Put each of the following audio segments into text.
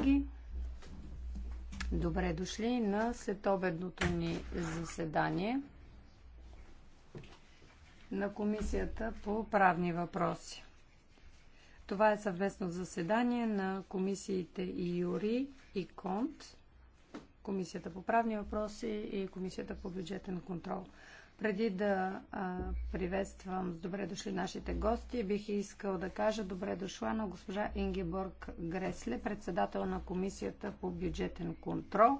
колеги! Добре дошли на следобедното ни заседание на Комисията по правни въпроси. Това е съвместно заседание на комисиите и Юри и Конт, Комисията по правни въпроси и Комисията по бюджетен контрол. Преди да а, приветствам с добре дошли нашите гости, бих искал да кажа добре дошла на госпожа Ингеборг Гресле, председател на Комисията по бюджетен контрол.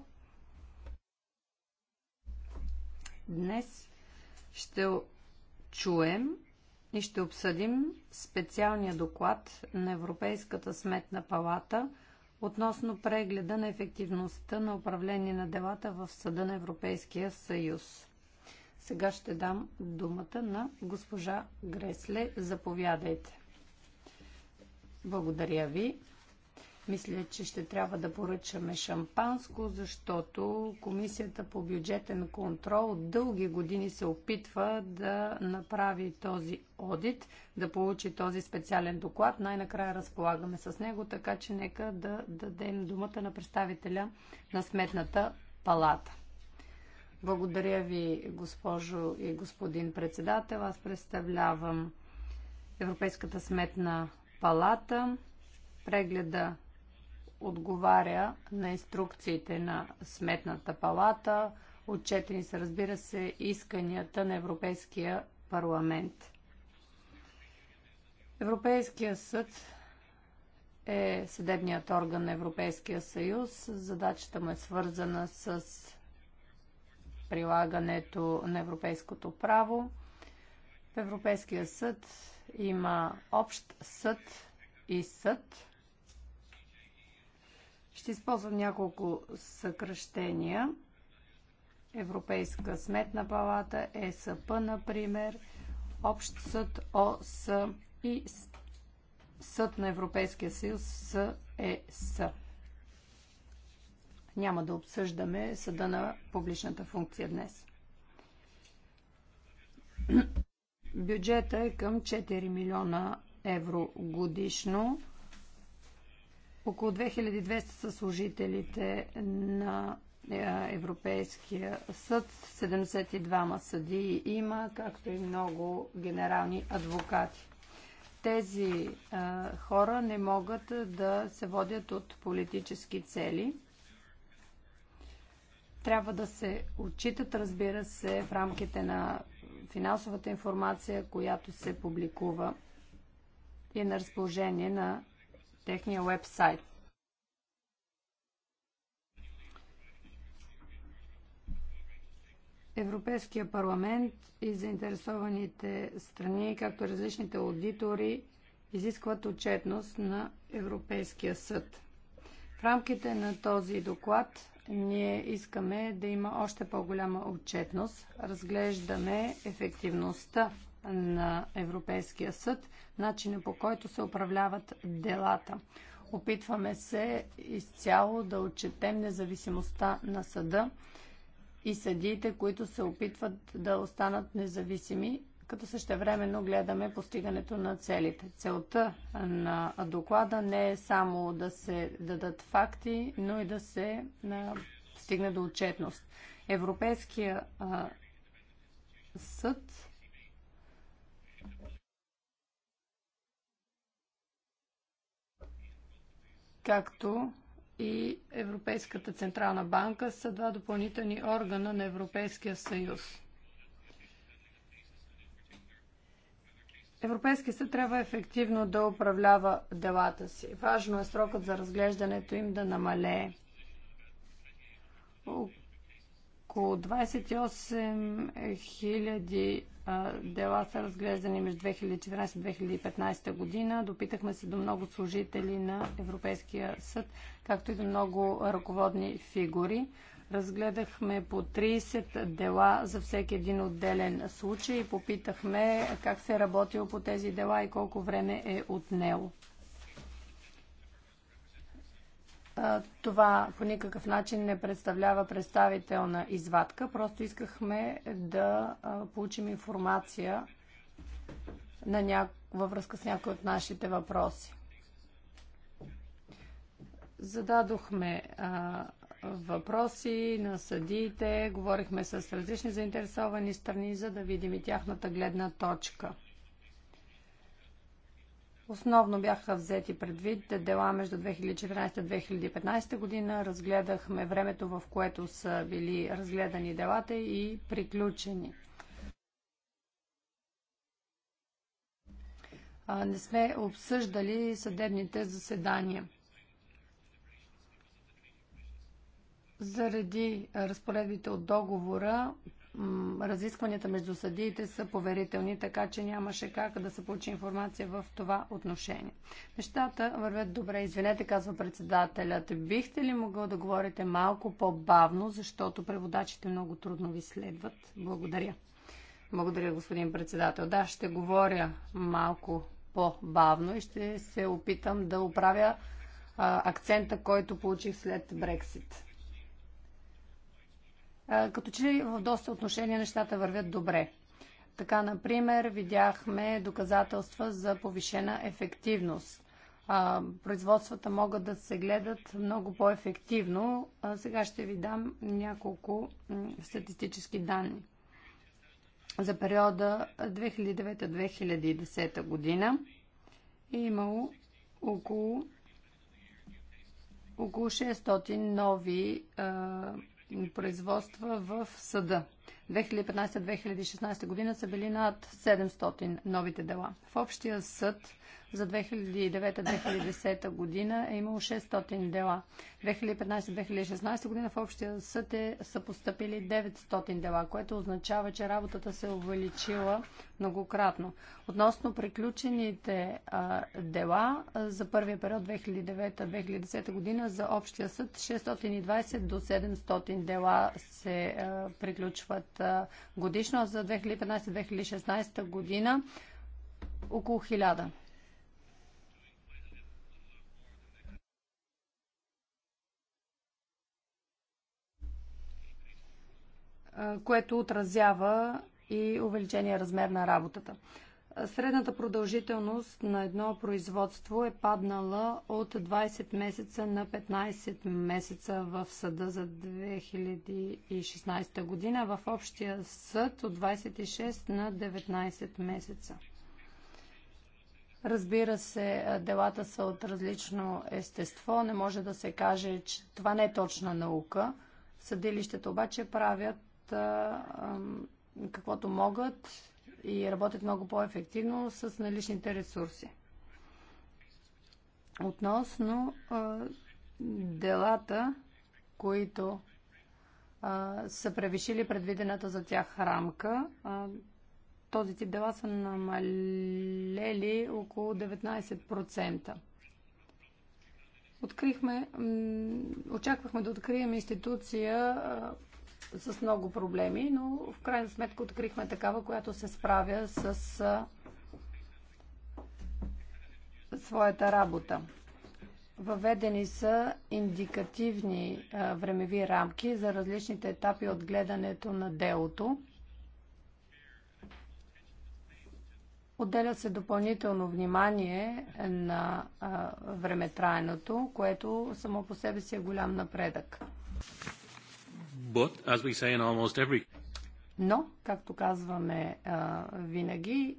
Днес ще чуем и ще обсъдим специалния доклад на Европейската сметна палата относно прегледа на ефективността на управление на делата в Съда на Европейския съюз. Сега ще дам думата на госпожа Гресле. Заповядайте. Благодаря ви. Мисля, че ще трябва да поръчаме шампанско, защото Комисията по бюджетен контрол дълги години се опитва да направи този одит, да получи този специален доклад. Най-накрая разполагаме с него, така че нека да дадем думата на представителя на Сметната палата. Благодаря ви, госпожо и господин председател. Аз представлявам Европейската сметна палата. Прегледа отговаря на инструкциите на сметната палата. Отчетени са, разбира се, исканията на Европейския парламент. Европейския съд е съдебният орган на Европейския съюз. Задачата му е свързана с прилагането на европейското право. В Европейския съд има общ съд и съд. Ще използвам няколко съкръщения. Европейска сметна палата, ЕСП, например, Общ съд ОС и Съд на Европейския съюз СЕС. Е няма да обсъждаме съда на публичната функция днес. Бюджета е към 4 милиона евро годишно. Около 2200 са служителите на е, Европейския съд, 72 съдии има, както и много генерални адвокати. Тези а, е, хора не могат да се водят от политически цели – трябва да се отчитат, разбира се, в рамките на финансовата информация, която се публикува и на разположение на техния вебсайт. Европейския парламент и заинтересованите страни, както различните аудитори, изискват отчетност на Европейския съд. В рамките на този доклад ние искаме да има още по-голяма отчетност. Разглеждаме ефективността на Европейския съд, начина по който се управляват делата. Опитваме се изцяло да отчетем независимостта на съда и съдиите, които се опитват да останат независими като същевременно гледаме постигането на целите. Целта на доклада не е само да се дадат факти, но и да се стигне до отчетност. Европейския съд както и Европейската Централна банка са два допълнителни органа на Европейския съюз. Европейския съд трябва ефективно да управлява делата си. Важно е срокът за разглеждането им да намалее. Около 28 000 дела са разглеждани между 2014-2015 година. Допитахме се до много служители на Европейския съд, както и до много ръководни фигури. Разгледахме по 30 дела за всеки един отделен случай и попитахме как се е работило по тези дела и колко време е отнело. Това по никакъв начин не представлява представителна извадка, просто искахме да получим информация на ня... във връзка с някои от нашите въпроси. Зададохме а, въпроси на съдиите. Говорихме с различни заинтересовани страни, за да видим и тяхната гледна точка. Основно бяха взети предвид дела между 2014-2015 година. Разгледахме времето, в което са били разгледани делата и приключени. Не сме обсъждали съдебните заседания. Заради разпоредбите от договора, разискванията между съдиите са поверителни, така че нямаше как да се получи информация в това отношение. Нещата вървят добре. Извинете, казва председателят. Бихте ли могъл да говорите малко по-бавно, защото преводачите много трудно ви следват? Благодаря. Благодаря, господин председател. Да, ще говоря малко по-бавно и ще се опитам да оправя а, акцента, който получих след Брексит. Като че ли в доста отношения нещата вървят добре. Така, например, видяхме доказателства за повишена ефективност. Производствата могат да се гледат много по-ефективно. Сега ще ви дам няколко статистически данни. За периода 2009-2010 година е имало около около 600 нови а, производства в съда. 2015-2016 година са били над 700 новите дела. В общия съд за 2009-2010 година е имало 600 дела. 2015-2016 година в общия съд е, са поступили 900 дела, което означава, че работата се е увеличила многократно. Относно приключените а, дела а, за първия период 2009-2010 година за общия съд 620 до 700 дела се а, приключват а, годишно, а за 2015-2016 година около 1000. което отразява и увеличения размер на работата. Средната продължителност на едно производство е паднала от 20 месеца на 15 месеца в съда за 2016 година, в общия съд от 26 на 19 месеца. Разбира се, делата са от различно естество. Не може да се каже, че това не е точна наука. Съдилищата обаче правят каквото могат и работят много по-ефективно с наличните ресурси. Относно делата, които са превишили предвидената за тях рамка, този тип дела са намалели около 19%. Открихме, очаквахме да открием институция, с много проблеми, но в крайна сметка открихме такава, която се справя с а, своята работа. Въведени са индикативни а, времеви рамки за различните етапи от гледането на делото. Отделя се допълнително внимание на а, времетрайното, което само по себе си е голям напредък. But, as we say in almost every... Но, както казваме а, винаги,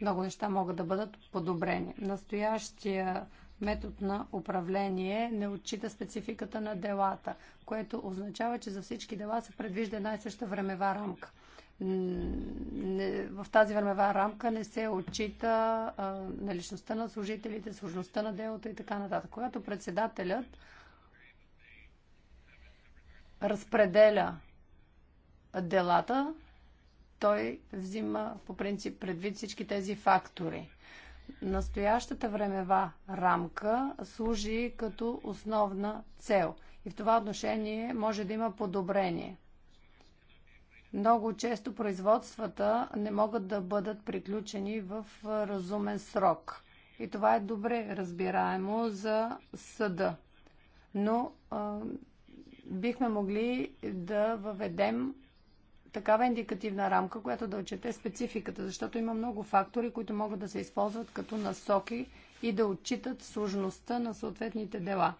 много неща могат да бъдат подобрени. Настоящия метод на управление не отчита спецификата на делата, което означава, че за всички дела се предвижда една и съща времева рамка. В тази времева рамка не се отчита наличността на служителите, сложността на делото и така нататък. Когато председателят разпределя делата, той взима по принцип предвид всички тези фактори. Настоящата времева рамка служи като основна цел и в това отношение може да има подобрение. Много често производствата не могат да бъдат приключени в разумен срок. И това е добре разбираемо за съда. Но бихме могли да въведем такава индикативна рамка, която да отчете спецификата, защото има много фактори, които могат да се използват като насоки и да отчитат сложността на съответните дела.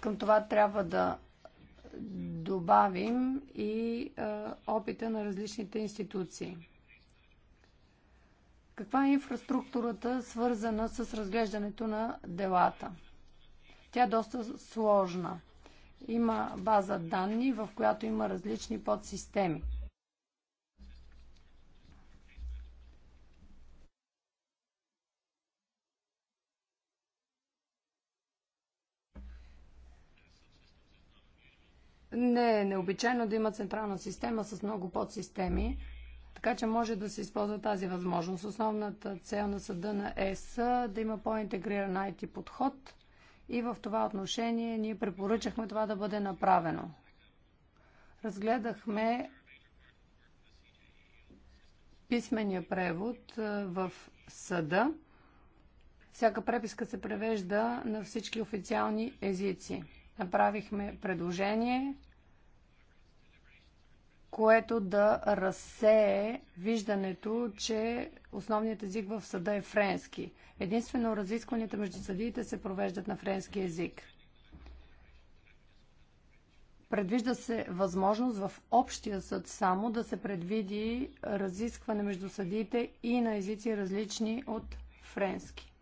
Към това трябва да добавим и е, опита на различните институции. Каква е инфраструктурата, свързана с разглеждането на делата? Тя е доста сложна. Има база данни, в която има различни подсистеми. Не е необичайно да има централна система с много подсистеми, така че може да се използва тази възможност. Основната цел на съда на ЕС е да има по-интегриран IT подход – и в това отношение ние препоръчахме това да бъде направено. Разгледахме писмения превод в съда. Всяка преписка се превежда на всички официални езици. Направихме предложение което да разсее виждането, че основният език в съда е френски. Единствено разискванията между съдиите се провеждат на френски език. Предвижда се възможност в общия съд само да се предвиди разискване между съдиите и на езици различни от френски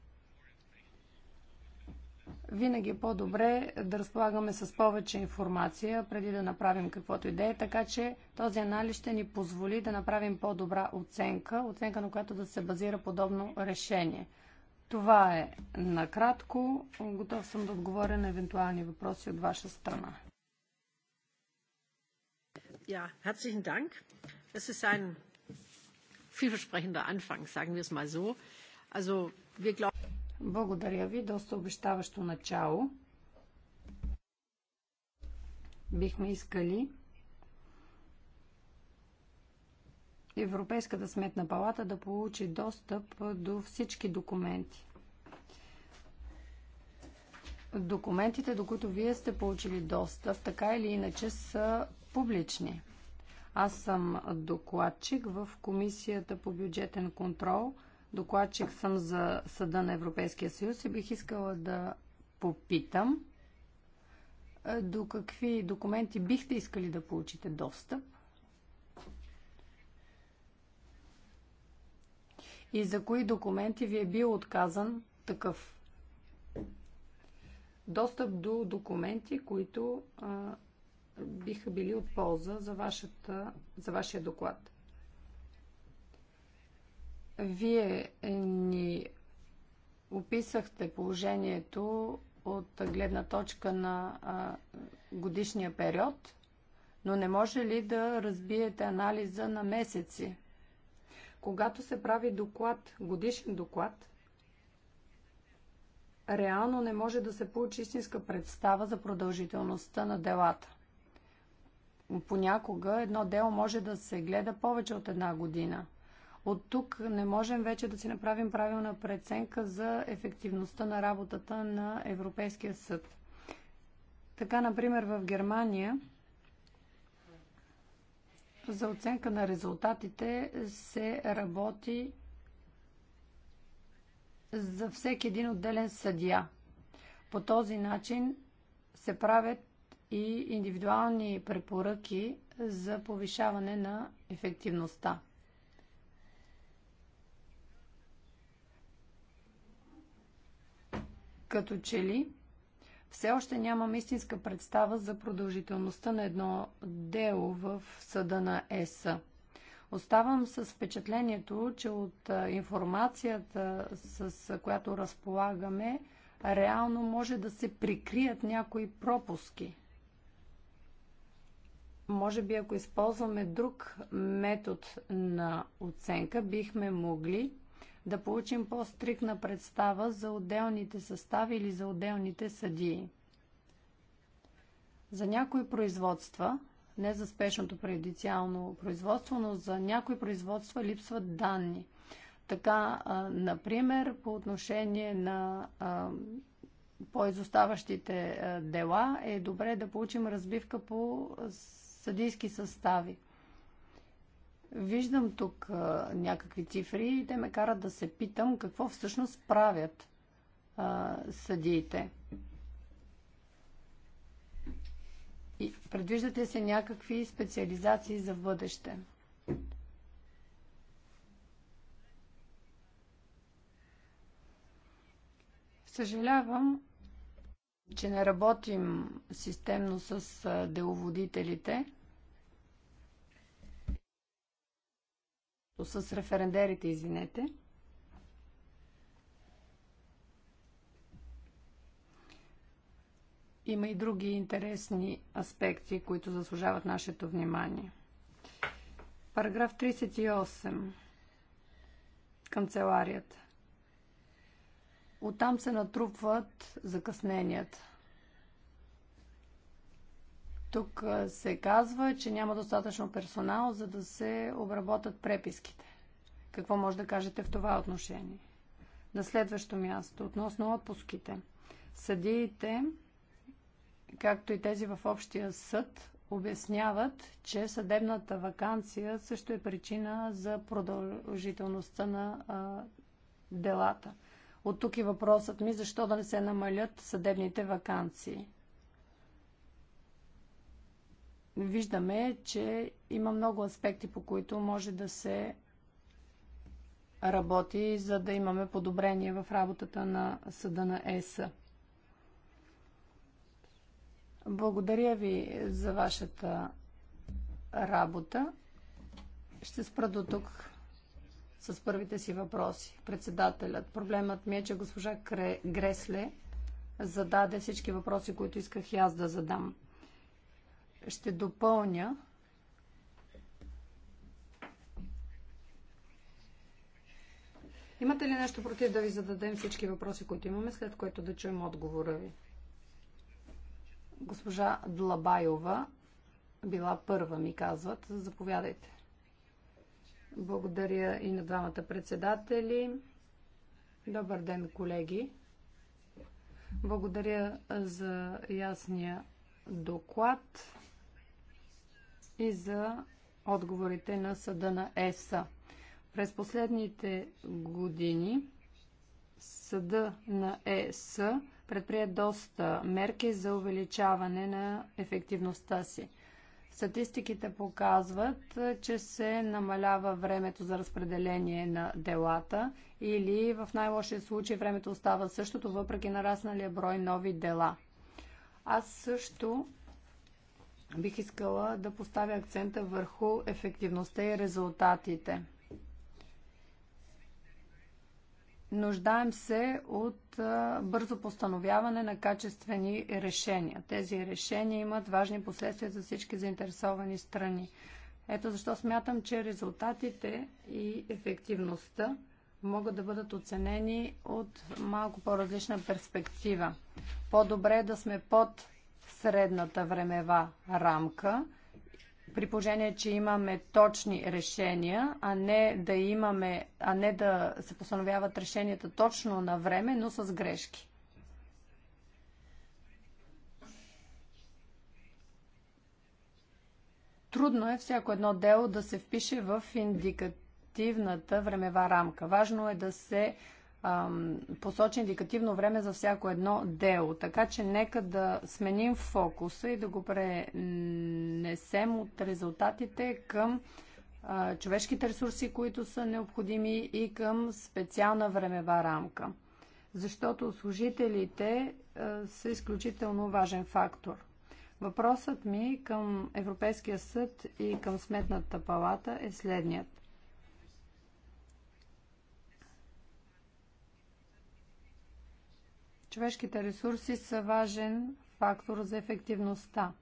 винаги е по-добре да разполагаме с повече информация преди да направим каквото и да е, така че този анализ ще ни позволи да направим по-добра оценка, оценка на която да се базира подобно решение. Това е накратко. Готов съм да отговоря на евентуални въпроси от ваша страна. Ja, herzlichen Dank. Es ist ein vielversprechender Anfang, sagen wir es mal so. Also wir glauben благодаря ви, доста обещаващо начало. Бихме искали Европейската сметна палата да получи достъп до всички документи. Документите, до които вие сте получили достъп, така или иначе са публични. Аз съм докладчик в Комисията по бюджетен контрол – Докладчик съм за Съда на Европейския съюз и бих искала да попитам е, до какви документи бихте искали да получите достъп и за кои документи ви е бил отказан такъв достъп до документи, които а, биха били от полза за, вашата, за вашия доклад. Вие е, ни описахте положението от гледна точка на годишния период, но не може ли да разбиете анализа на месеци? Когато се прави доклад, годишен доклад, реално не може да се получи истинска представа за продължителността на делата. Понякога едно дело може да се гледа повече от една година – от тук не можем вече да си направим правилна преценка за ефективността на работата на Европейския съд. Така, например, в Германия за оценка на резултатите се работи за всеки един отделен съдия. По този начин се правят и индивидуални препоръки за повишаване на ефективността. като че ли все още нямам истинска представа за продължителността на едно дело в съда на ЕС. Оставам с впечатлението, че от информацията, с която разполагаме, реално може да се прикрият някои пропуски. Може би, ако използваме друг метод на оценка, бихме могли да получим по-стрикна представа за отделните състави или за отделните съдии. За някои производства, не за спешното предициално производство, но за някои производства липсват данни. Така, например, по отношение на по-изоставащите дела е добре да получим разбивка по съдийски състави. Виждам тук а, някакви цифри и те ме карат да се питам какво всъщност правят а, съдиите. И предвиждате се някакви специализации за бъдеще. Съжалявам, че не работим системно с деловодителите – с референдерите, извинете. Има и други интересни аспекти, които заслужават нашето внимание. Параграф 38. Канцеларията. Оттам се натрупват закъсненията. Тук се казва, че няма достатъчно персонал, за да се обработат преписките. Какво може да кажете в това отношение? На следващо място, относно отпуските. Съдиите, както и тези в общия съд, обясняват, че съдебната вакансия също е причина за продължителността на а, делата. От тук и въпросът ми, защо да не се намалят съдебните вакансии виждаме, че има много аспекти, по които може да се работи, за да имаме подобрение в работата на съда на ЕС. Благодаря ви за вашата работа. Ще спра до тук с първите си въпроси. Председателят, проблемът ми е, че госпожа Гресле зададе всички въпроси, които исках и аз да задам ще допълня, Имате ли нещо против да ви зададем всички въпроси, които имаме, след което да чуем отговора ви? Госпожа Длабайова била първа, ми казват. Заповядайте. Благодаря и на двамата председатели. Добър ден, колеги. Благодаря за ясния доклад и за отговорите на съда на ЕСА. През последните години съда на ЕС предприе доста мерки за увеличаване на ефективността си. Статистиките показват, че се намалява времето за разпределение на делата или в най-лошия случай времето остава същото, въпреки нарасналия брой нови дела. Аз също Бих искала да поставя акцента върху ефективността и резултатите. Нуждаем се от бързо постановяване на качествени решения. Тези решения имат важни последствия за всички заинтересовани страни. Ето защо смятам, че резултатите и ефективността могат да бъдат оценени от малко по-различна перспектива. По-добре е да сме под средната времева рамка, при положение, че имаме точни решения, а не да, имаме, а не да се постановяват решенията точно на време, но с грешки. Трудно е всяко едно дело да се впише в индикативната времева рамка. Важно е да се посочи индикативно време за всяко едно дело. Така че нека да сменим фокуса и да го пренесем от резултатите към а, човешките ресурси, които са необходими и към специална времева рамка. Защото служителите а, са изключително важен фактор. Въпросът ми към Европейския съд и към Сметната палата е следният – Човешките ресурси са важен фактор за ефективността.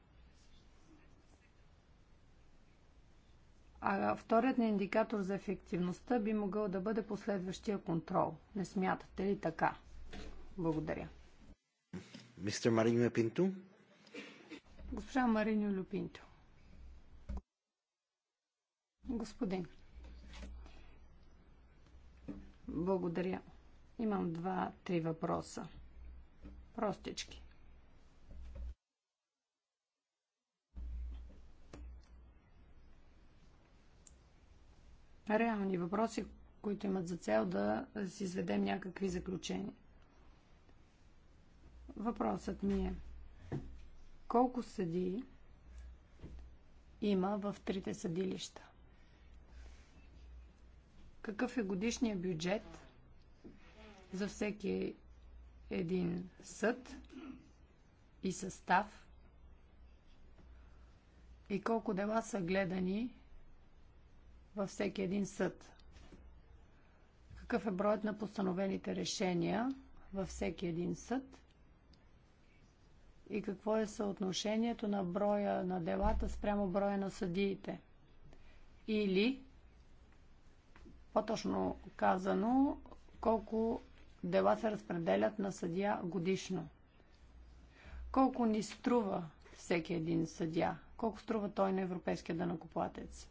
А вторият ни индикатор за ефективността би могъл да бъде последващия контрол. Не смятате ли така? Благодаря. Мистер Марино Пинто? Госпожа Марино Люпинто. Господин. Благодаря. Имам два-три въпроса. Простички. Реални въпроси, които имат за цел да си изведем някакви заключения. Въпросът ми е колко съдии има в трите съдилища? Какъв е годишният бюджет за всеки един съд и състав и колко дела са гледани във всеки един съд. Какъв е броят на постановените решения във всеки един съд и какво е съотношението на броя на делата спрямо броя на съдиите. Или, по-точно казано, колко дела се разпределят на съдия годишно. Колко ни струва всеки един съдия? Колко струва той на европейския данакоплатец?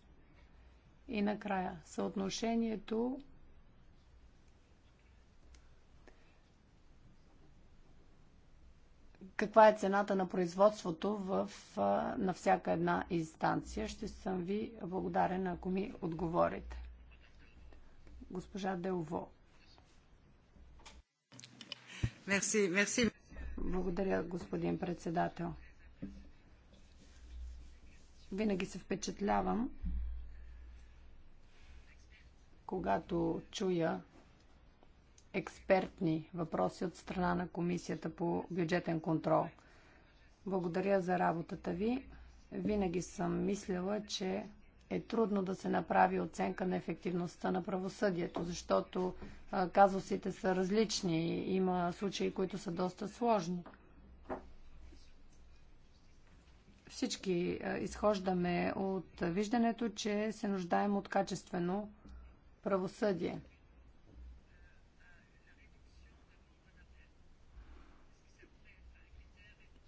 И накрая, съотношението каква е цената на производството в, на всяка една инстанция. Ще съм ви благодарен, ако ми отговорите. Госпожа Делво. Мерси, мерси. Благодаря, господин председател. Винаги се впечатлявам, когато чуя експертни въпроси от страна на Комисията по бюджетен контрол. Благодаря за работата ви. Винаги съм мислила, че е трудно да се направи оценка на ефективността на правосъдието, защото казусите са различни. и Има случаи, които са доста сложни. Всички изхождаме от виждането, че се нуждаем от качествено правосъдие.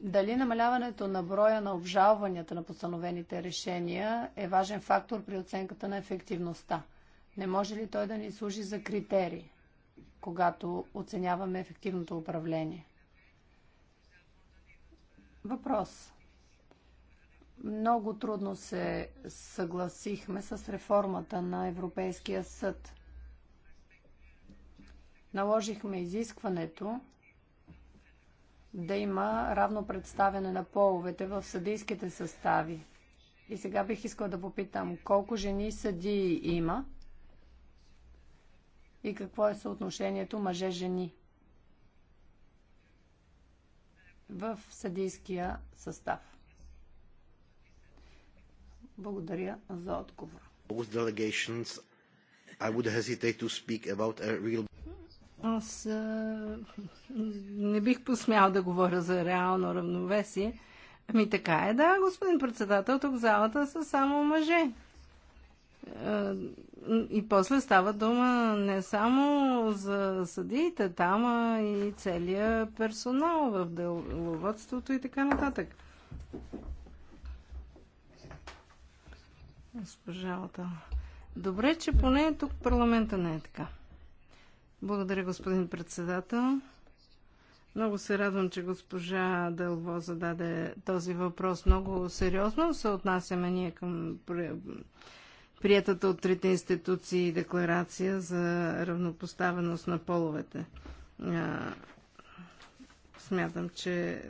Дали намаляването на броя на обжалванията на постановените решения е важен фактор при оценката на ефективността? Не може ли той да ни служи за критерий, когато оценяваме ефективното управление? Въпрос. Много трудно се съгласихме с реформата на Европейския съд. Наложихме изискването да има равно представяне на половете в съдийските състави. И сега бих искала да попитам колко жени съдии има и какво е съотношението мъже-жени в съдийския състав. Благодаря за отговор. Аз не бих посмял да говоря за реално равновесие. Ами така е, да, господин председател, тук в залата са само мъже. Е, и после става дума не само за съдиите, там а и целия персонал в деловодството и така нататък. Госпожалата. Добре, че поне тук парламента не е така. Благодаря, господин председател. Много се радвам, че госпожа Дълво зададе този въпрос много сериозно. Се отнасяме ние към приятата от трите институции декларация за равнопоставеност на половете. Смятам, че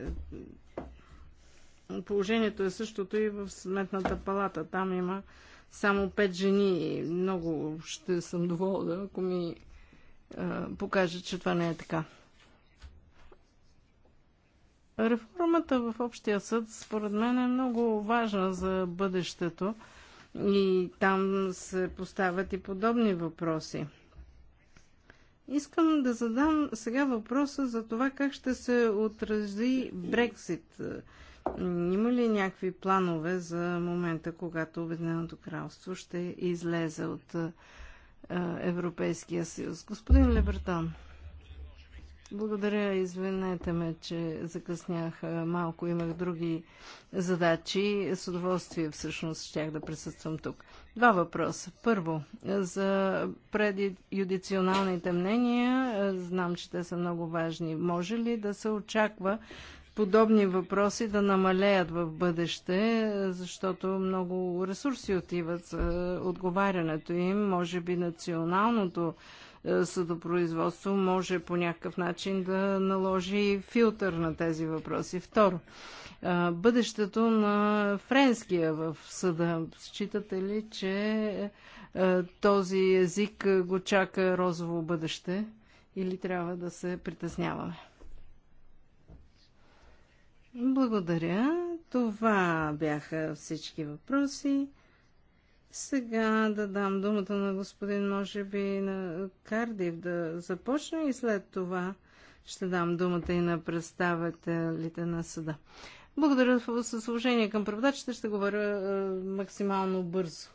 положението е същото и в Сметната палата. Там има само пет жени. Много ще съм доволна, ако ми покаже, че това не е така. Реформата в Общия съд, според мен, е много важна за бъдещето и там се поставят и подобни въпроси. Искам да задам сега въпроса за това как ще се отрази Брексит. Има ли някакви планове за момента, когато Обединеното кралство ще излезе от Европейския съюз? Господин Лебертон. Благодаря, извинете ме, че закъснях е, малко, имах други задачи. С удоволствие всъщност щях да присъствам тук. Два въпроса. Първо, за предюдиционалните мнения, е, знам, че те са много важни. Може ли да се очаква подобни въпроси да намалеят в бъдеще, е, защото много ресурси отиват за отговарянето им. Може би националното съдопроизводство може по някакъв начин да наложи филтър на тези въпроси. Второ, бъдещето на френския в съда. Считате ли, че този език го чака розово бъдеще или трябва да се притесняваме? Благодаря. Това бяха всички въпроси. Сега да дам думата на господин, може би, на Кардив да започне и след това ще дам думата и на представителите на съда. Благодаря за служение към преводачите, ще говоря е, максимално бързо.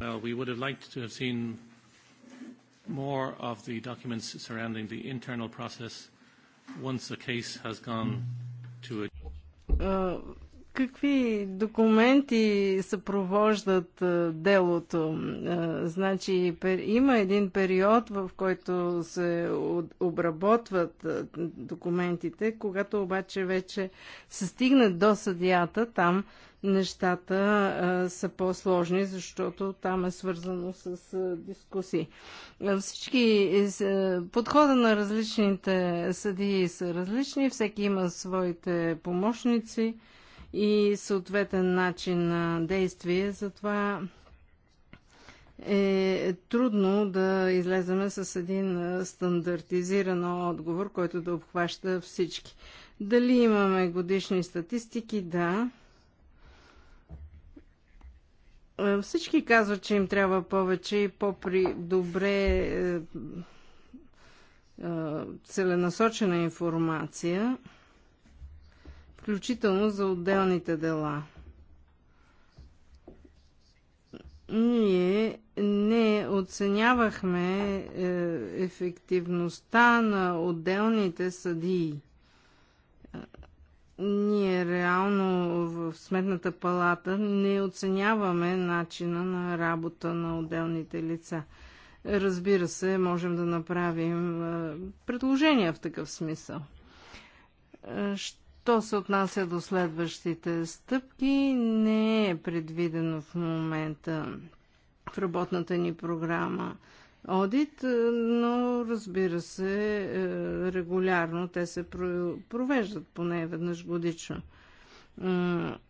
Well, we would have liked to have seen more of the documents surrounding the internal process once case has gone to a е, Какви документи съпровождат е, делото? Е, значи има един период, в който се обработват е, документите, когато обаче вече се стигнат до съдията, там нещата са по-сложни, защото там е свързано с дискусии. Всички подхода на различните съдии са различни, всеки има своите помощници и съответен начин на действие. Затова е трудно да излеземе с един стандартизиран отговор, който да обхваща всички. Дали имаме годишни статистики? Да. Всички казват, че им трябва повече и по-добре е, е, целенасочена информация включително за отделните дела. Ние не оценявахме е, ефективността на отделните съдии ние реално в Сметната палата не оценяваме начина на работа на отделните лица. Разбира се, можем да направим е, предложения в такъв смисъл. Ще Що се отнася до следващите стъпки, не е предвидено в момента в работната ни програма одит, но разбира се, е, регулярно те се провеждат поне веднъж годично.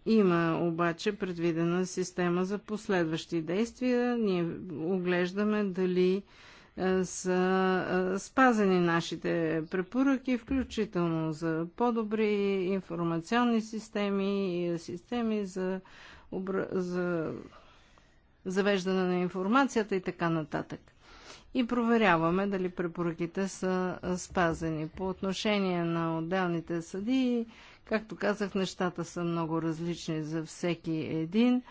Има обаче предвидена система за последващи действия. Ние оглеждаме дали са е, е, спазени нашите препоръки, включително за по-добри информационни системи и системи за, обра... за завеждане на информацията и така нататък. И проверяваме дали препоръките са е, спазени. По отношение на отделните съдии, както казах, нещата са много различни за всеки един.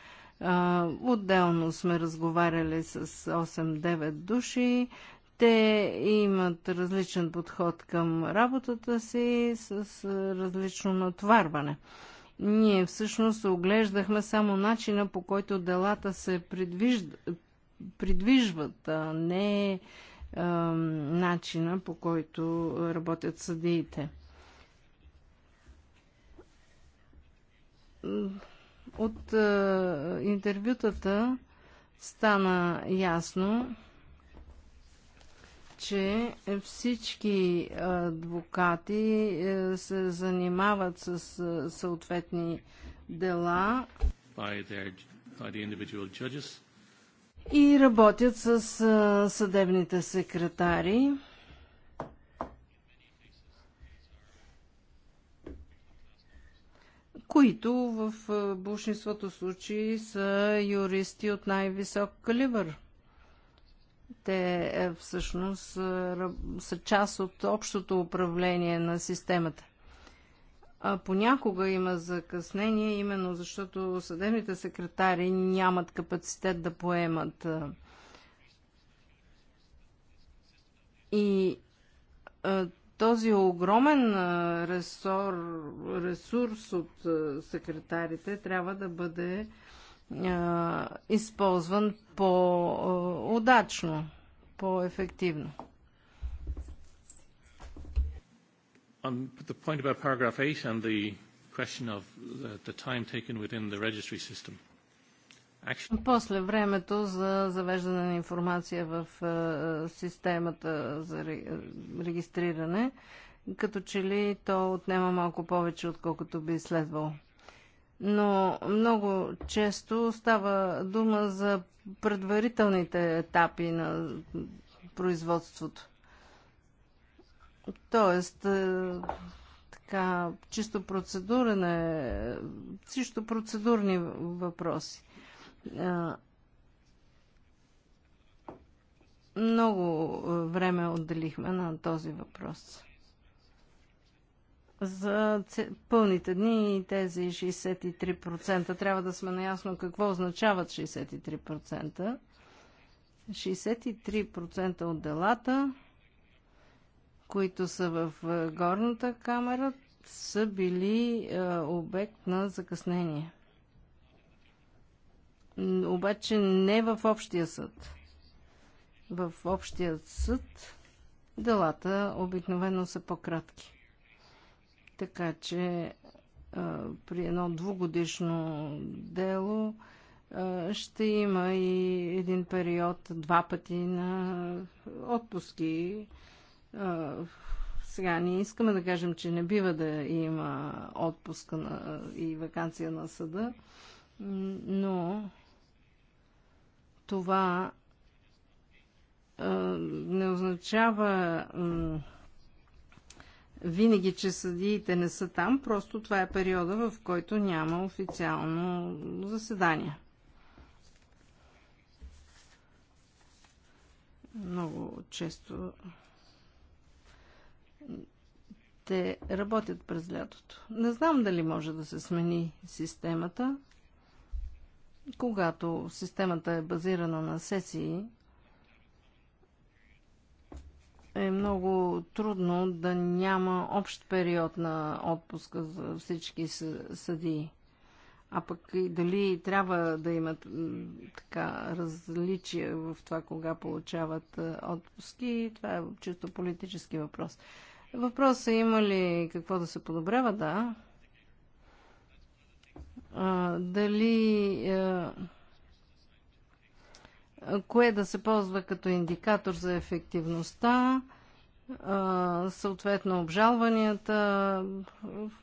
Отделно сме разговаряли с 8-9 души. Те имат различен подход към работата си с различно натварване. Ние всъщност оглеждахме само начина по който делата се придвижват, а не е, начина по който работят съдиите от е, интервютата стана ясно, че всички адвокати е, се занимават с е, съответни дела by their, by the и работят с съдебните секретари. които в большинството случаи са юристи от най-висок калибър. Те е, всъщност са част от общото управление на системата. А понякога има закъснение, именно защото съдебните секретари нямат капацитет да поемат. И този огромен ресор, ресурс от секретарите трябва да бъде използван по-удачно, по-ефективно. On the point about paragraph 8 and the question of the, the time taken within the registry system. После времето за завеждане на информация в е, е, системата за е, регистриране, като че ли то отнема малко повече, отколкото би следвало. Но много често става дума за предварителните етапи на производството. Тоест, така, чисто процедурен е, чисто процедурни въпроси. Много време отделихме на този въпрос. За пълните дни тези 63% трябва да сме наясно какво означават 63%. 63% от делата, които са в горната камера, са били обект на закъснение обаче не в общия съд. В общия съд делата обикновено са по-кратки. Така че при едно двугодишно дело ще има и един период два пъти на отпуски. Сега ние искаме да кажем, че не бива да има отпуска на, и вакансия на съда, но това не означава винаги, че съдиите не са там, просто това е периода, в който няма официално заседание. Много често те работят през лятото. Не знам дали може да се смени системата. Когато системата е базирана на сесии, е много трудно да няма общ период на отпуска за всички съдии. А пък и дали трябва да имат така различия в това кога получават отпуски, това е чисто политически въпрос. Въпросът е има ли какво да се подобрява, да, а, дали а, е, кое да се ползва като индикатор за ефективността, а, съответно обжалванията.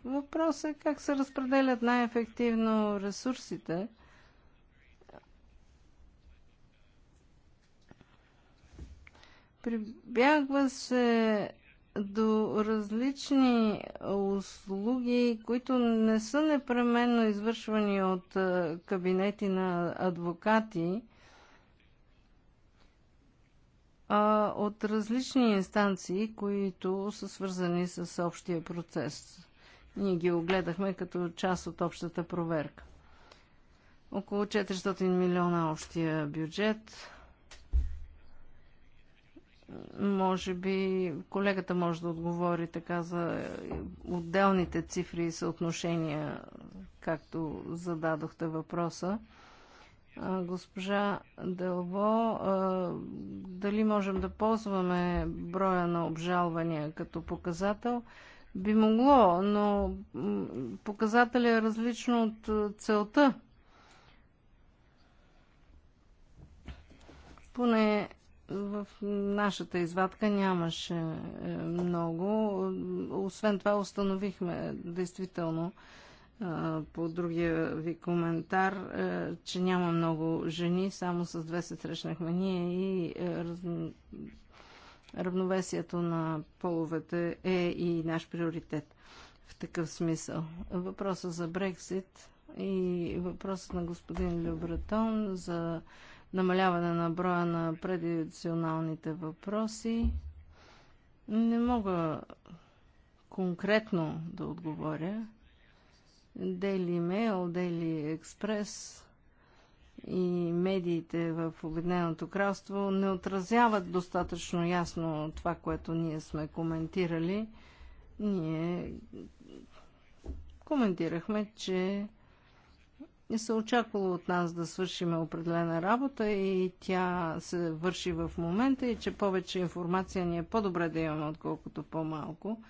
Въпросът е как се разпределят най-ефективно ресурсите. Прибягва се до различни услуги, които не са непременно извършвани от кабинети на адвокати, а от различни инстанции, които са свързани с общия процес. Ние ги огледахме като част от общата проверка. Около 400 милиона общия бюджет може би колегата може да отговори така за отделните цифри и съотношения, както зададохте въпроса. Госпожа Дълво, дали можем да ползваме броя на обжалвания като показател? Би могло, но показателя е различно от целта. Поне в нашата извадка нямаше е, много. Освен това установихме действително е, по другия ви коментар, е, че няма много жени, само с две се срещнахме ние и равновесието на половете е и наш приоритет в такъв смисъл. Въпросът за Брексит и въпросът на господин Любратон за намаляване на броя на предиционалните въпроси. Не мога конкретно да отговоря. Daily Mail, Daily Express и медиите в Обединеното кралство не отразяват достатъчно ясно това, което ние сме коментирали. Ние коментирахме, че не се очаквало от нас да свършим определена работа и тя се върши в момента и че повече информация ни е по-добре да имаме, отколкото по-малко.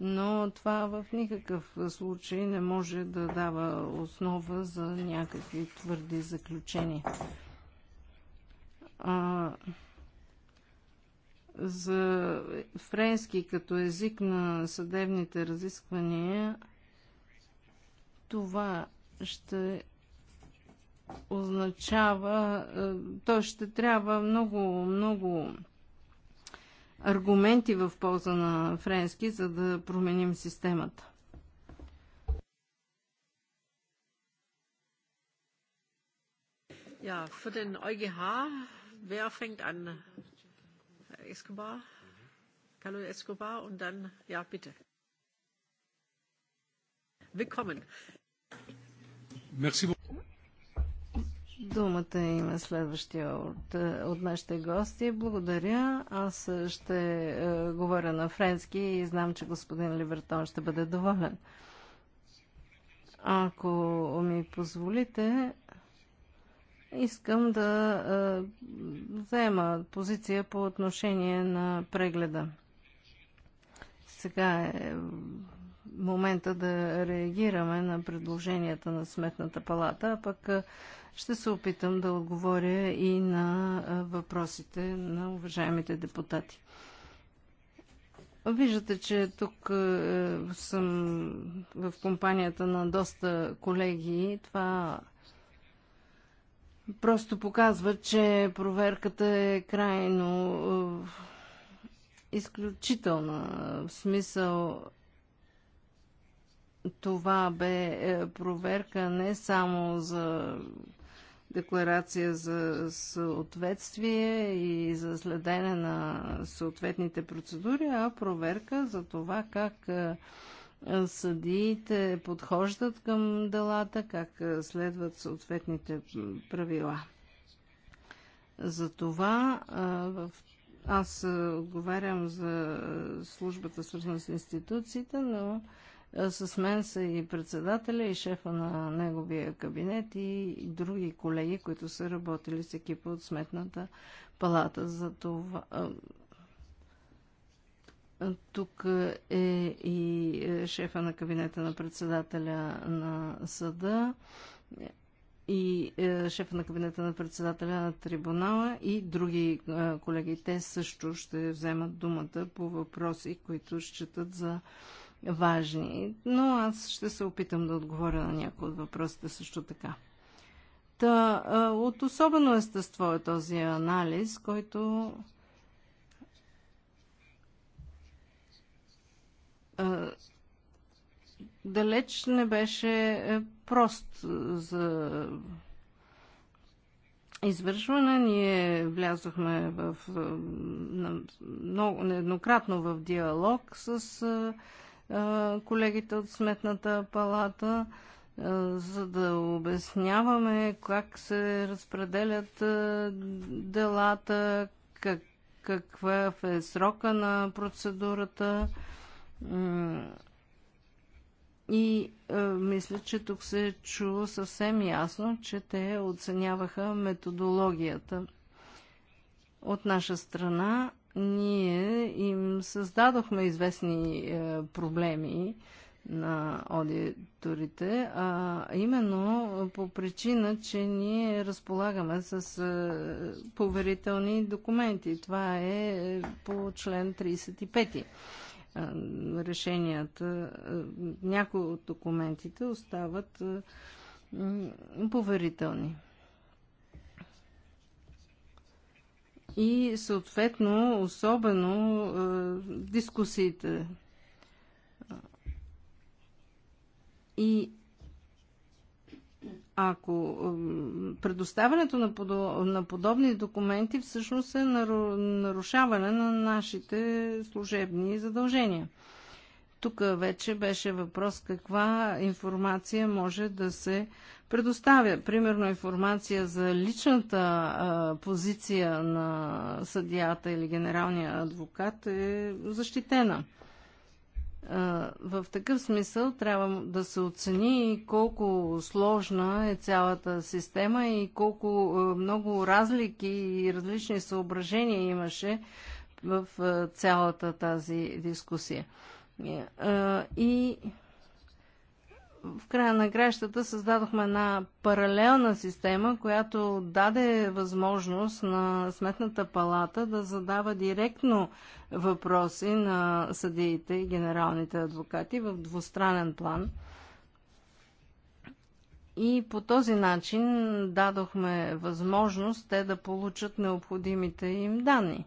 Но това в никакъв случай не може да дава основа за някакви твърди заключения. А, за френски като език на съдебните разисквания това ще означава, то ще трябва много, много аргументи в полза на френски, за да променим системата. Ja, für den EuGH, wer fängt an? Herr Escobar? Carlo Escobar und dann, ja, bitte. Willkommen. Merci Думата има следващия от, от нашите гости. Благодаря. Аз ще е, говоря на френски и знам, че господин Ливертон ще бъде доволен. Ако ми позволите, искам да е, взема позиция по отношение на прегледа. Сега е момента да реагираме на предложенията на Сметната палата, а пък е, ще се опитам да отговоря и на въпросите на уважаемите депутати. Виждате, че тук съм в компанията на доста колеги. Това просто показва, че проверката е крайно изключителна. В смисъл това бе е, проверка не само за декларация за съответствие и за следене на съответните процедури, а проверка за това как съдиите подхождат към делата, как следват съответните правила. Затова аз отговарям за службата свързана с институциите, но е, с мен са и председателя, и шефа на неговия кабинет, и други колеги, които са работили с екипа от Сметната палата. За това е, тук е и шефа на кабинета на председателя на съда и е, шефа на кабинета на председателя на трибунала и други колеги. Те също ще вземат думата по въпроси, които считат за важни, но аз ще се опитам да отговоря на някои от въпросите също така. Та, от особено естество е този анализ, който далеч не беше е, прост за извършване. Ние влязохме в, много, нееднократно в диалог с колегите от Сметната палата, за да обясняваме как се разпределят делата, как, какъв е срока на процедурата. И е, мисля, че тук се чу съвсем ясно, че те оценяваха методологията. От наша страна ние им създадохме известни е, проблеми на аудиторите, а именно по причина, че ние разполагаме с е, поверителни документи. Това е, е по член 35 решенията, някои от документите остават поверителни. и съответно, особено е, дискусиите. И ако предоставянето на, подо, на подобни документи всъщност е нарушаване на нашите служебни задължения. Тук вече беше въпрос каква информация може да се предоставя, примерно, информация за личната а, позиция на съдията или генералния адвокат е защитена. А, в такъв смисъл трябва да се оцени колко сложна е цялата система и колко а, много разлики и различни съображения имаше в цялата тази дискусия. И в края на кращата създадохме една паралелна система, която даде възможност на Сметната палата да задава директно въпроси на съдиите и генералните адвокати в двустранен план. И по този начин дадохме възможност те да получат необходимите им данни.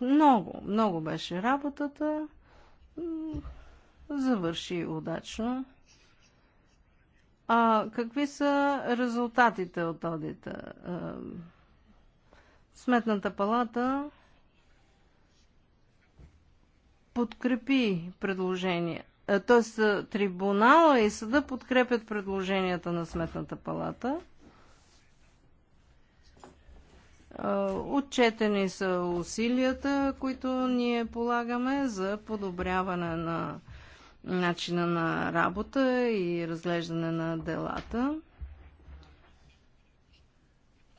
Много, много беше работата завърши удачно. А какви са резултатите от одита? Сметната палата подкрепи предложение. Тоест, трибунала и съда подкрепят предложенията на Сметната палата – Отчетени са усилията, които ние полагаме за подобряване на начина на работа и разглеждане на делата.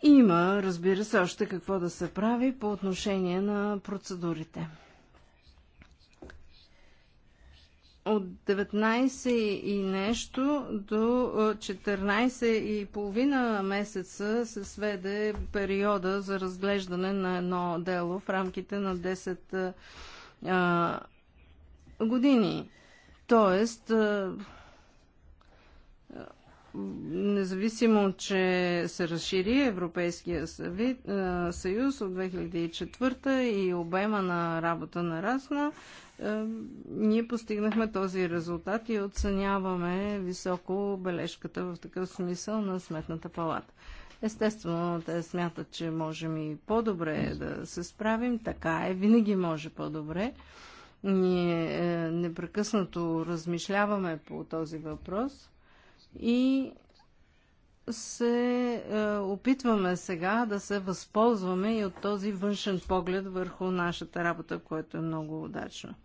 Има, разбира се, още какво да се прави по отношение на процедурите. от 19 и нещо до 14 и половина месеца се сведе периода за разглеждане на едно дело в рамките на 10 а, години. Тоест, а, независимо, че се разшири Европейския съюз от 2004 и обема на работа нарасна, ние постигнахме този резултат и оценяваме високо бележката в такъв смисъл на Сметната палата. Естествено, те смятат, че можем и по-добре да се справим. Така е, винаги може по-добре. Ние е, непрекъснато размишляваме по този въпрос и се е, опитваме сега да се възползваме и от този външен поглед върху нашата работа, което е много удачно.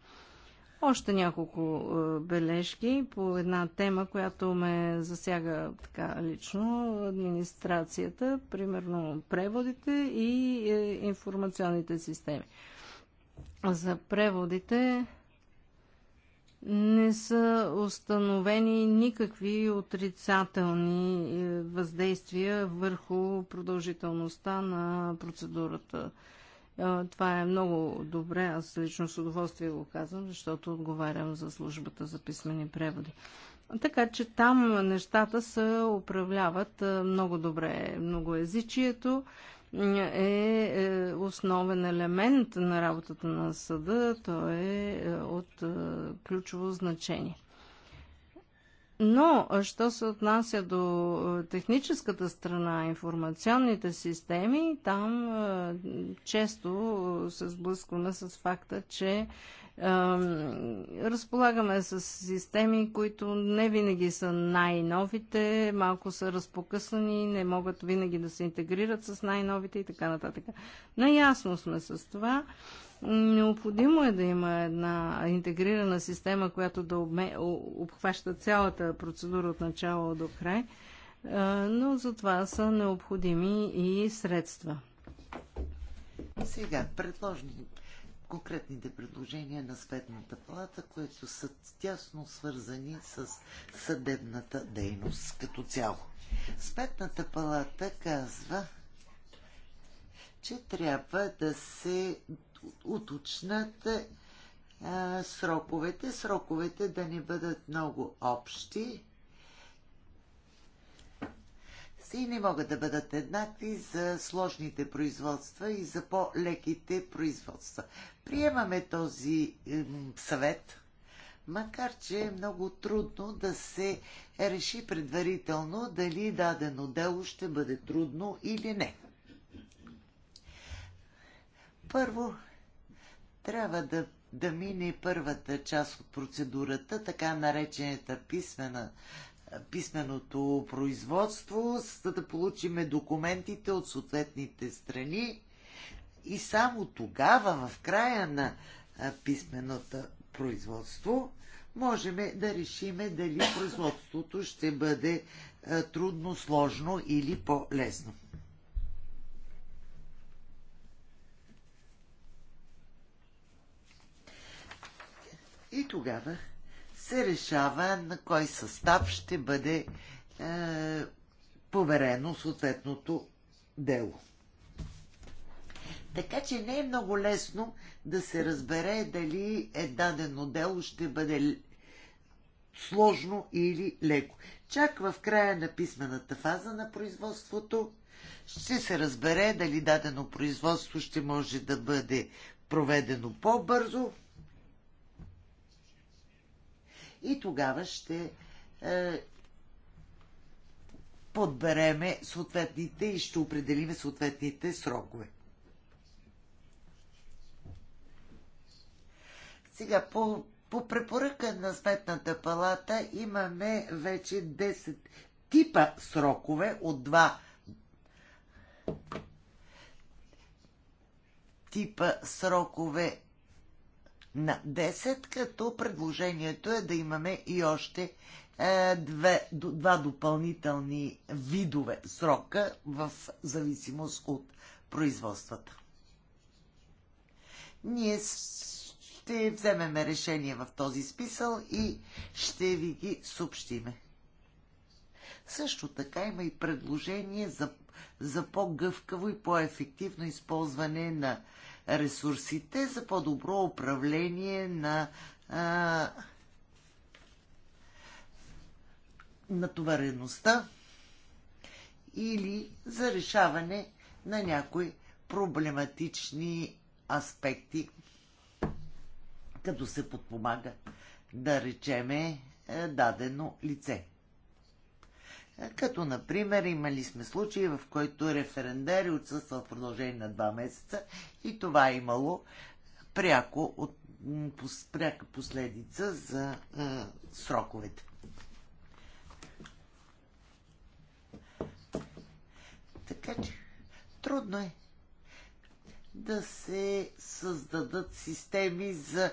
Още няколко е, бележки по една тема, която ме засяга така лично администрацията, примерно преводите и е, информационните системи. За преводите не са установени никакви отрицателни е, въздействия върху продължителността на процедурата това е много добре, аз лично с удоволствие го казвам, защото отговарям за службата за писмени преводи. Така че там нещата се управляват много добре. Многоязичието е, е основен елемент на работата на съда, то е, е от ключово значение. Но, що се отнася до техническата страна, информационните системи, там често се сблъскваме с факта, че разполагаме с системи, които не винаги са най-новите, малко са разпокъсани, не могат винаги да се интегрират с най-новите и така нататък. Наясно сме с това. Необходимо е да има една интегрирана система, която да обме... обхваща цялата процедура от начало до край, но за това са необходими и средства. Сега, предложни конкретните предложения на Светната палата, които са тясно свързани с съдебната дейност като цяло. Светната палата казва, че трябва да се уточнат е, сроковете. Сроковете да не бъдат много общи и не могат да бъдат еднакви за сложните производства и за по-леките производства. Приемаме този съвет, макар че е много трудно да се реши предварително дали дадено дело ще бъде трудно или не. Първо, трябва да, да мине първата част от процедурата, така наречената писмена, писменото производство, за да получиме документите от съответните страни и само тогава, в края на писменото производство, можем да решиме дали производството ще бъде трудно, сложно или по-лесно. И тогава се решава на кой състав ще бъде е, поверено съответното дело. Така че не е много лесно да се разбере дали е дадено дело ще бъде сложно или леко. Чак в края на писмената фаза на производството ще се разбере дали дадено производство ще може да бъде проведено по-бързо и тогава ще е, подбереме съответните и ще определиме съответните срокове. Сега по, по препоръка на Сметната палата имаме вече 10 типа срокове от 2 типа срокове на 10, като предложението е да имаме и още е, две, два допълнителни видове срока в зависимост от производствата. Ние ще вземем решение в този списъл и ще ви ги съобщиме. Също така има и предложение за, за по-гъвкаво и по-ефективно използване на ресурсите за по-добро управление на а, натовареността или за решаване на някои проблематични аспекти, като се подпомага, да речеме, е, дадено лице. Като, например, имали сме случаи, в който референдер е отсъствал в продължение на два месеца и това е имало пряко от, пряка последица за е, сроковете. Така че трудно е да се създадат системи за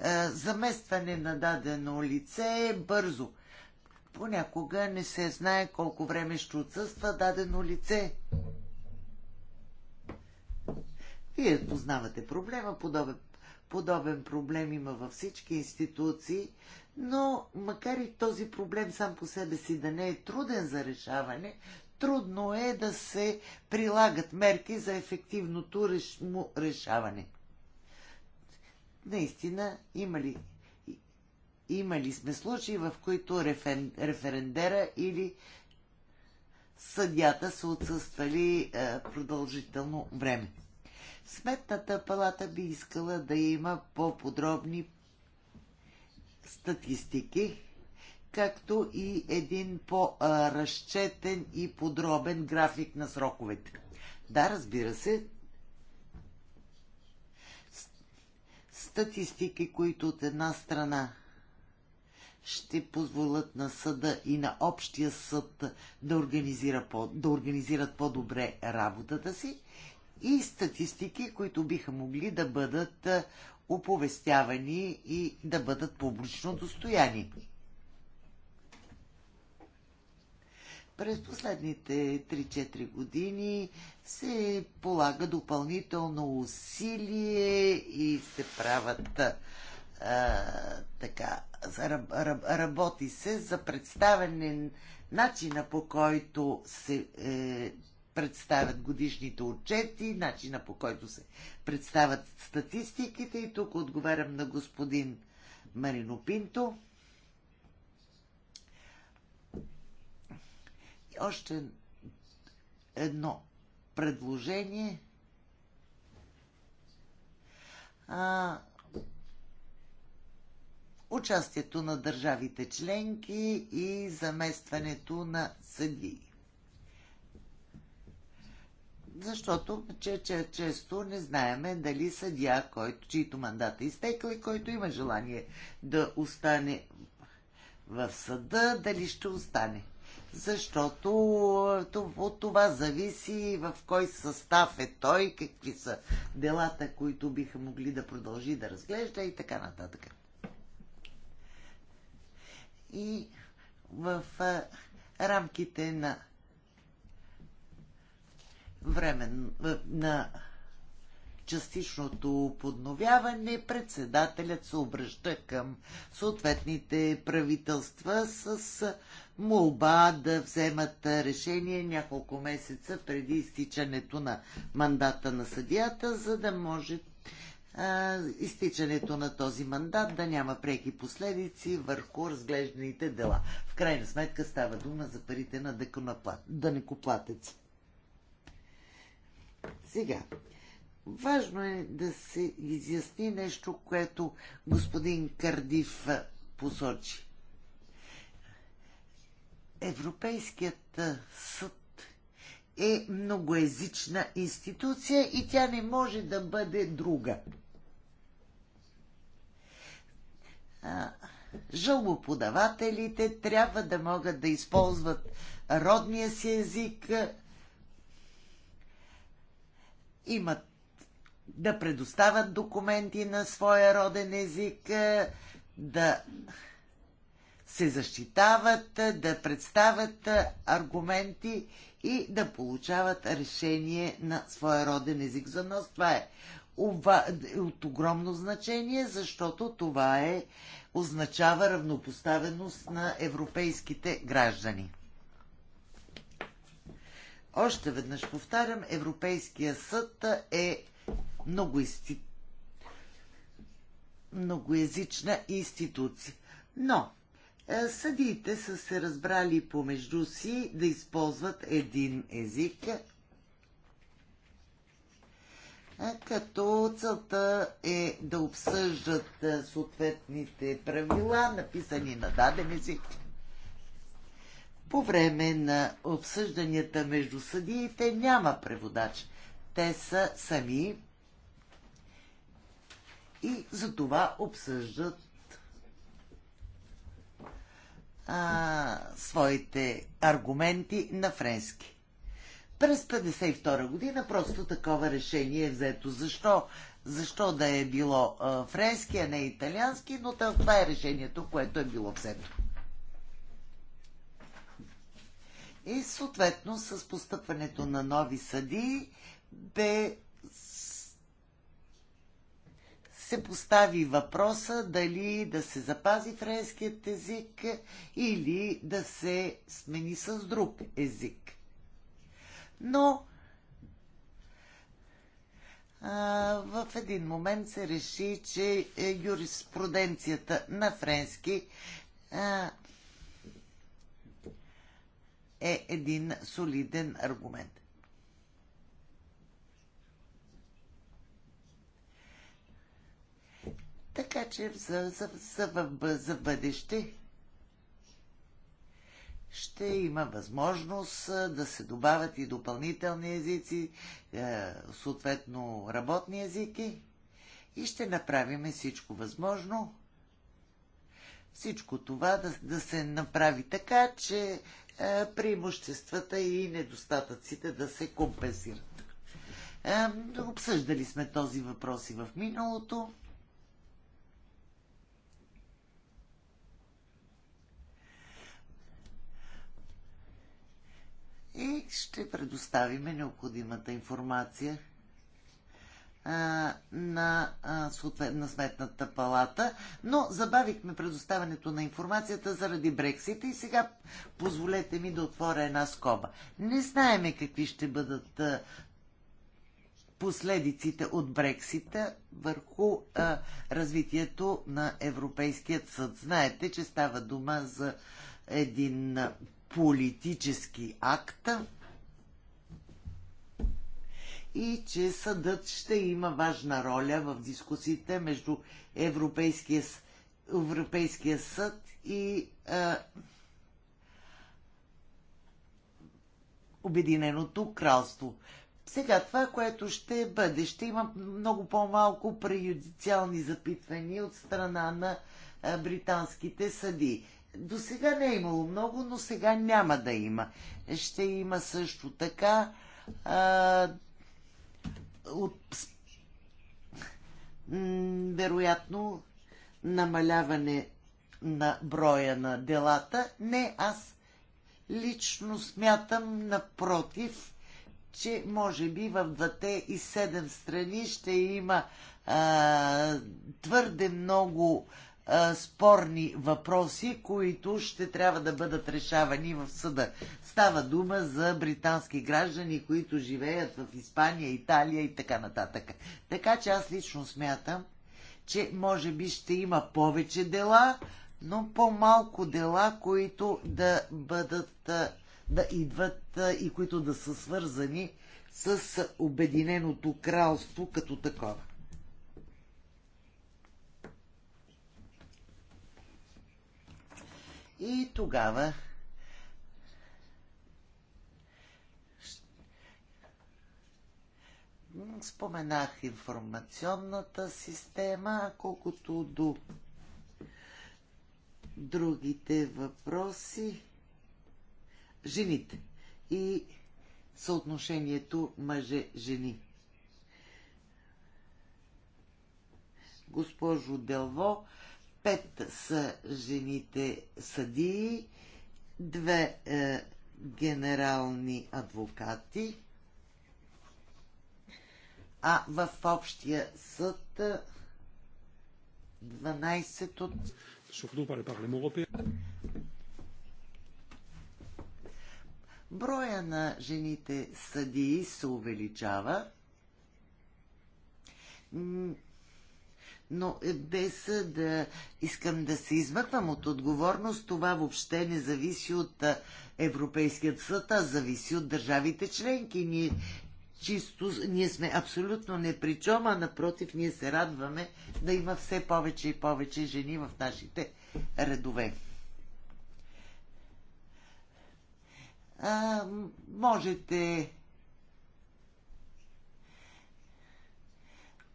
е, заместване на дадено лице бързо – понякога не се знае колко време ще отсъства дадено лице. Вие познавате проблема, подобен, подобен проблем има във всички институции, но макар и този проблем сам по себе си да не е труден за решаване, трудно е да се прилагат мерки за ефективното му решаване. Наистина, има ли имали сме случаи, в които рефен, референдера или съдята са отсъствали е, продължително време. Сметната палата би искала да има по-подробни статистики, както и един по-разчетен и подробен график на сроковете. Да, разбира се, статистики, които от една страна ще позволят на съда и на общия съд да, организира по, да организират по-добре работата си и статистики, които биха могли да бъдат оповестявани и да бъдат публично достояни. През последните 3-4 години се полага допълнително усилие и се правят а, така, работи се за представяне начина по който се е, представят годишните отчети, начина по който се представят статистиките. И тук отговарям на господин Марино Пинто. И още едно предложение. А, участието на държавите членки и заместването на съдии. Защото че, че, често не знаеме дали съдия, който, чието мандат е изтекъл и който има желание да остане в съда, дали ще остане. Защото от това зависи в кой състав е той, какви са делата, които биха могли да продължи да разглежда и така нататък и в рамките на време на частичното подновяване, председателят се обръща към съответните правителства с молба да вземат решение няколко месеца преди изтичането на мандата на съдията, за да може изтичането на този мандат да няма преки последици върху разглежданите дела. В крайна сметка става дума за парите на дънекоплатеца. Сега, важно е да се изясни нещо, което господин Кардив посочи. Европейският съд е многоезична институция и тя не може да бъде друга. жалбоподавателите трябва да могат да използват родния си език, имат да предоставят документи на своя роден език, да се защитават, да представят аргументи и да получават решение на своя роден език. За нас това е от огромно значение, защото това е, означава равнопоставеност на европейските граждани. Още веднъж повтарям, Европейския съд е исти... многоязична институция. Но е, съдиите са се разбрали помежду си да използват един език като целта е да обсъждат съответните правила, написани на даден език. По време на обсъжданията между съдиите няма преводач. Те са сами и за това обсъждат а, своите аргументи на френски. През 1952 година просто такова решение е взето. Защо? Защо да е било френски, а не италиански, но това е решението, което е било взето. И съответно с постъпването на нови съди бе се постави въпроса дали да се запази френският език или да се смени с друг език но в един момент се реши, че е, юриспруденцията на френски е един солиден аргумент. Така че за, за, за, за, за бъдеще ще има възможност да се добавят и допълнителни езици, е, съответно работни езики и ще направим всичко възможно. Всичко това да, да се направи така, че е, преимуществата и недостатъците да се компенсират. Е, обсъждали сме този въпрос и в миналото. и ще предоставиме необходимата информация на, съответна Сметната палата, но забавихме предоставянето на информацията заради Брексита и сега позволете ми да отворя една скоба. Не знаеме какви ще бъдат последиците от Брексита върху развитието на Европейският съд. Знаете, че става дума за един политически акт и че съдът ще има важна роля в дискусиите между Европейския, Европейския съд и е, Обединеното кралство. Сега това, което ще бъде, ще има много по-малко преюдициални запитвания от страна на е, британските съди. До сега не е имало много, но сега няма да има. Ще има също така а, от, вероятно намаляване на броя на делата. Не, аз лично смятам напротив, че може би в двете и седем страни ще има а, твърде много спорни въпроси, които ще трябва да бъдат решавани в съда. Става дума за британски граждани, които живеят в Испания, Италия и така нататък. Така че аз лично смятам, че може би ще има повече дела, но по-малко дела, които да бъдат, да идват и които да са свързани с Обединеното кралство като такова. и тогава споменах информационната система, колкото до другите въпроси. Жените и съотношението мъже-жени. Госпожо Делво, Пет са жените съдии, две е, генерални адвокати, а в общия съд 12 е, от... Броя на жените съдии се увеличава но е, без е, да искам да се измъквам от отговорност, това въобще не зависи от е, Европейският съд, а зависи от държавите членки. Ние, чисто, ние сме абсолютно непричома, а напротив, ние се радваме да има все повече и повече жени в нашите редове. А, можете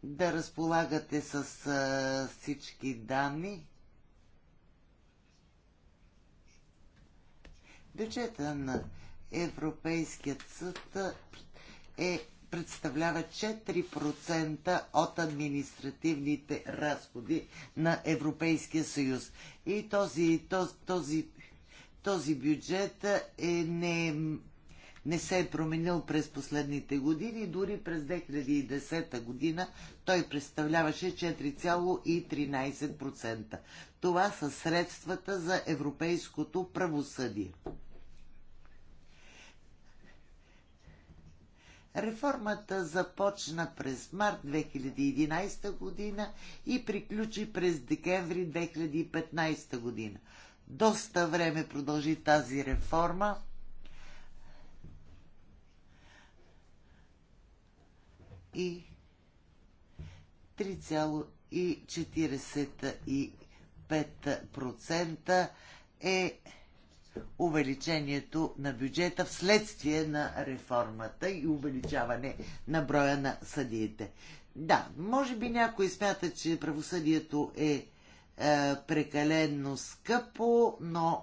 да разполагате с а, всички данни. Бюджета на Европейският съд е, представлява 4% от административните разходи на Европейския съюз. И този, този, този, този бюджет е не не се е променил през последните години. Дори през 2010 година той представляваше 4,13%. Това са средствата за европейското правосъдие. Реформата започна през март 2011 година и приключи през декември 2015 година. Доста време продължи тази реформа и 3,45% е увеличението на бюджета вследствие на реформата и увеличаване на броя на съдиите. Да, може би някой смята, че правосъдието е, е прекалено скъпо, но е,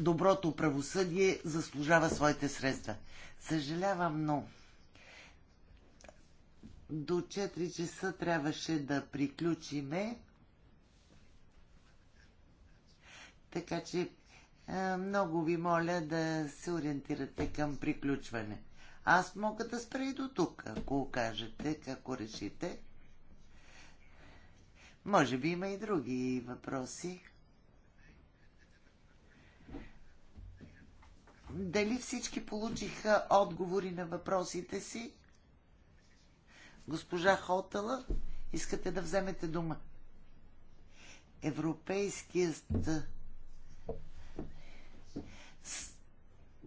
доброто правосъдие заслужава своите средства. Съжалявам, но до 4 часа трябваше да приключиме. Така че много ви моля да се ориентирате към приключване. Аз мога да спра и до тук, ако кажете, ако решите. Може би има и други въпроси. Дали всички получиха отговори на въпросите си? Госпожа Хотала, искате да вземете дума? Европейският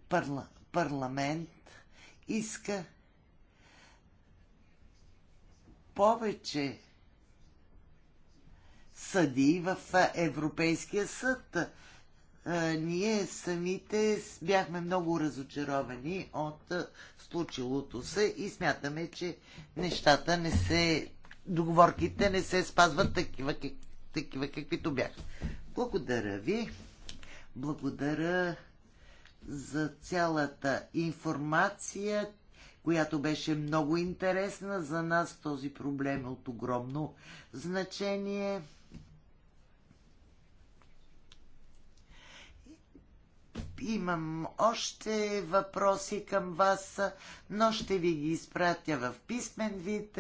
парла, парламент иска повече съди в Европейския съд ние самите бяхме много разочаровани от случилото се и смятаме, че нещата не се, договорките не се спазват такива, как, такива каквито бяха. Благодаря ви. Благодаря за цялата информация, която беше много интересна за нас. Този проблем е от огромно значение. имам още въпроси към вас, но ще ви ги изпратя в писмен вид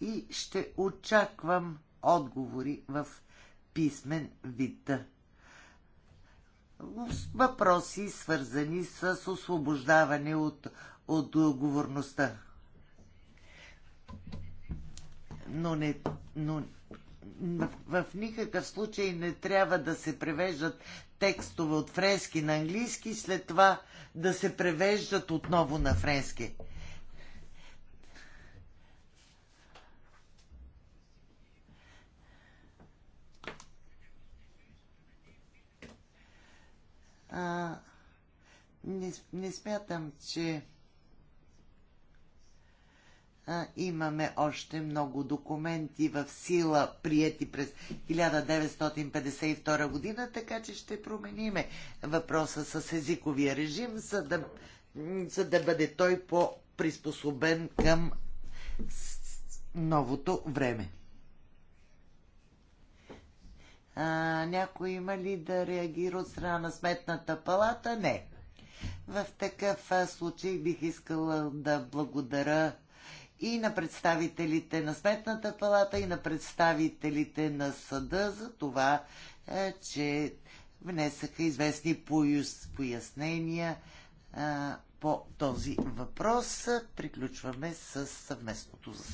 и ще очаквам отговори в писмен вид. Въпроси свързани с освобождаване от отговорността. Но не, но в, в никакъв случай не трябва да се превеждат текстове от френски на английски, след това да се превеждат отново на френски. А, не, не смятам, че имаме още много документи в сила, прияти през 1952 година, така че ще промениме въпроса с езиковия режим, за да, за да бъде той по-приспособен към новото време. А, някой има ли да реагира от страна на сметната палата? Не. В такъв случай бих искала да благодаря и на представителите на Сметната палата, и на представителите на съда за това, е, че внесаха известни пояснения е, по този въпрос. Приключваме с съвместното заседание.